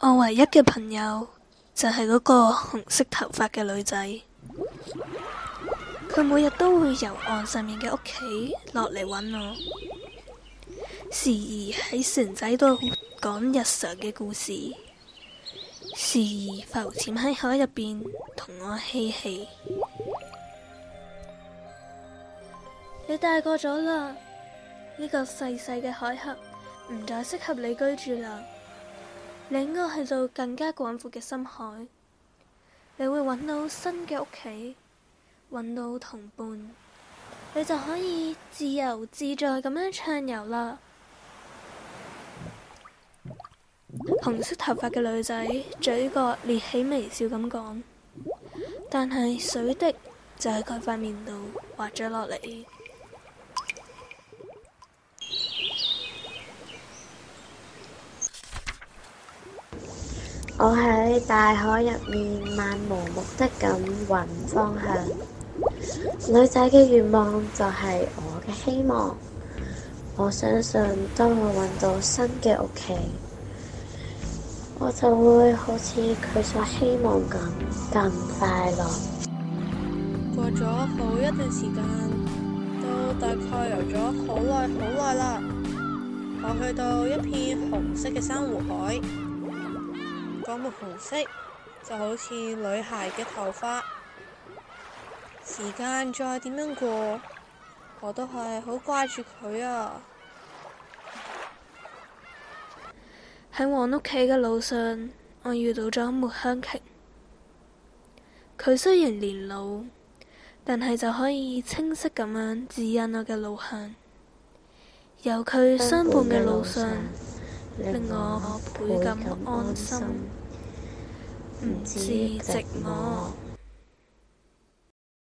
我唯一嘅朋友就係、是、嗰個紅色頭髮嘅女仔，佢每日都會由岸上面嘅屋企落嚟揾我，時而喺船仔度講日常嘅故事，時而浮潛喺海入邊同我嬉戲。你大個咗啦，呢、這個細細嘅海峽唔再適合你居住啦。你應該去到更加廣闊嘅深海，你會揾到新嘅屋企，揾到同伴，你就可以自由自在咁樣暢遊啦。紅色頭髮嘅女仔嘴角裂起微笑咁講，但係水滴就喺佢塊面度滑咗落嚟。我喺大海入面漫無目的咁揾方向。女仔嘅願望就係我嘅希望。我相信當我揾到新嘅屋企，我就會好似佢所希望咁咁快樂。過咗好一段時間，都大概游咗好耐好耐啦，我去到一片紅色嘅珊瑚海。嗰抹紅色，就好似女孩嘅頭髮。時間再點樣過，我都係好掛住佢啊！喺往屋企嘅路上，我遇到咗抹香鯨。佢雖然年老，但係就可以清晰咁樣指引我嘅路線。由佢相伴嘅路上。令我倍感安心，唔似寂寞。